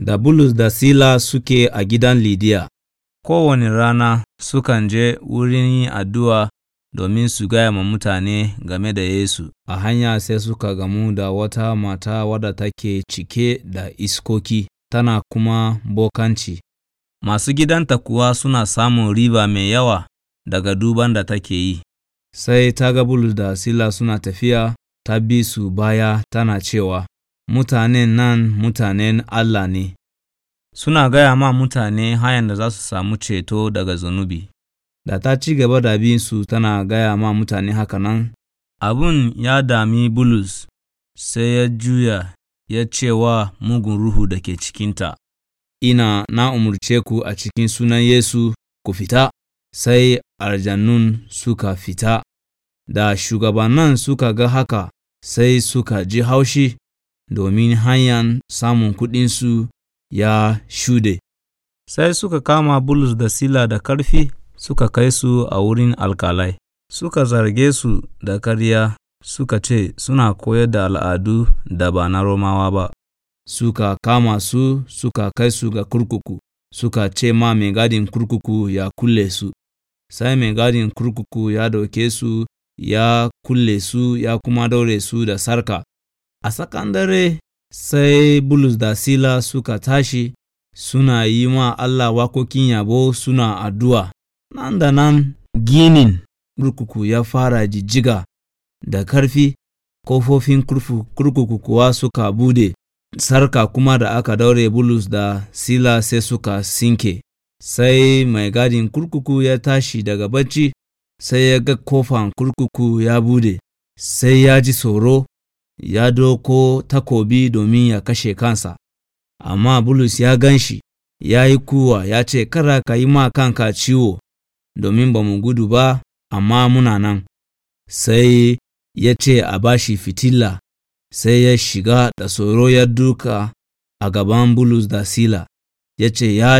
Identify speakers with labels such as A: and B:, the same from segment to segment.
A: da Bulus da Sila suke a gidan Lidiya, kowane rana sukan je wurin yin addu'a domin su gaya ma mutane game da Yesu, a hanya sai suka gamu da wata mata wadda take cike da iskoki, tana kuma bokanci. Masu gidanta kuwa suna samun riba mai yawa daga duban da take yi. Sai ta ga Bulus da Sila suna tafiya, ta bi su baya tana cewa, mutanen nan mutanen Allah ne, suna gaya ma mutane hayan da za su samu ceto daga zunubi. Da ta ci gaba da su tana gaya ma mutane haka nan, abun ya dami Bulus sai ya juya ya ce wa mugun ruhu da ke cikinta, Ina na umurce ku a cikin sunan Yesu ku fita, sai aljannun suka fita, da shugabannan suka ga haka sai suka ji haushi domin hanyar samun kuɗinsu ya shuɗe. Sai suka kama Bulus da Sila da ƙarfi suka kai su a wurin alkalai, suka zarge su da karya suka ce suna koyar da al'adu da ba na Romawa ba. Suka kama su suka kai su ga kurkuku, suka ce ma mai gadin kurkuku ya kulle su. Sai mai gadin kurkuku ya dauke su ya kulle su ya kuma daure su da sarka A tsakan dare sai Bulus da Sila suka tashi suna yi ma Allah wakokin yabo suna addu'a. Nan da nan ginin kurkuku ya fara jijjiga da karfi, kofofin kurkuku kuwa suka bude, sarka kuma da aka daure Bulus da Sila sai suka sinke. Sai mai gadin kurkuku ya tashi daga bacci, sai ya ga kofan kurkuku ya bude, sai ya ji tsoro ya doko takobi domin ya kashe kansa, amma Bulus ya gan shi, ya yi kuwa ya ce, Kara ka yi ma kanka ciwo, domin ba mu gudu ba, amma muna nan. Sai ya ce a bashi fitila, sai ya shiga da tsoro ya duka a gaban Bulus da Sila, ya ce, Ya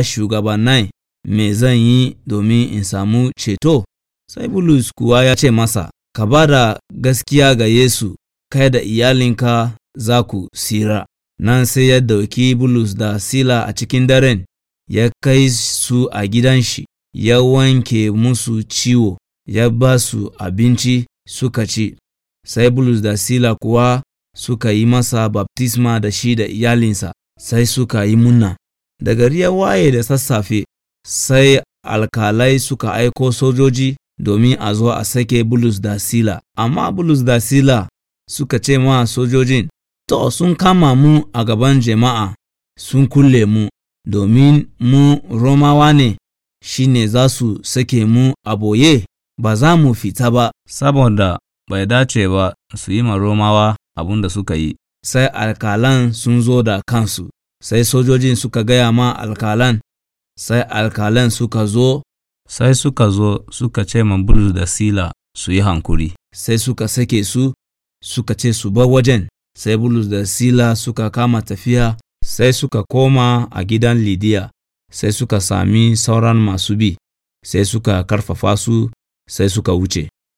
A: nai, me zan yi domin in samu ceto? Sai Bulus kuwa ya ce masa, Ka ba da gaskiya ga Yesu kai da iyalinka za ku sira. Nan sai ya dauki Bulus da Sila a cikin daren, ya kai su a gidan shi, ya wanke musu ciwo, ya ba su abinci suka ci, sai Bulus da Sila kuwa suka yi masa baptisma da shi da iyalinsa, sai suka yi munna. Da gari ya waye da sassafe, sai alkalai suka aiko sojoji domin a zo a sake Bulus da Sila, amma Bulus da Sila suka ce ma sojojin, To, sun kama mu a gaban jama'a, sun kulle mu, domin mu Romawa ne, shi ne za su sake mu a boye, ba za mu fita ba. Saboda bai dace ba su yi ma Romawa abin da suka yi. Sai alkalan sun zo da kansu, sai sojojin suka gaya ma alkalan, sai alkalan suka zo. Sai suka zo suka ce ma da Sila su yi hankuri. Sai suka sake su suka ce su bar wajen sai bulus da sila suka kama tafiya sai suka koma a gidan lidiya sai suka sami sauran masu bi sai suka karfafa su sai suka wuce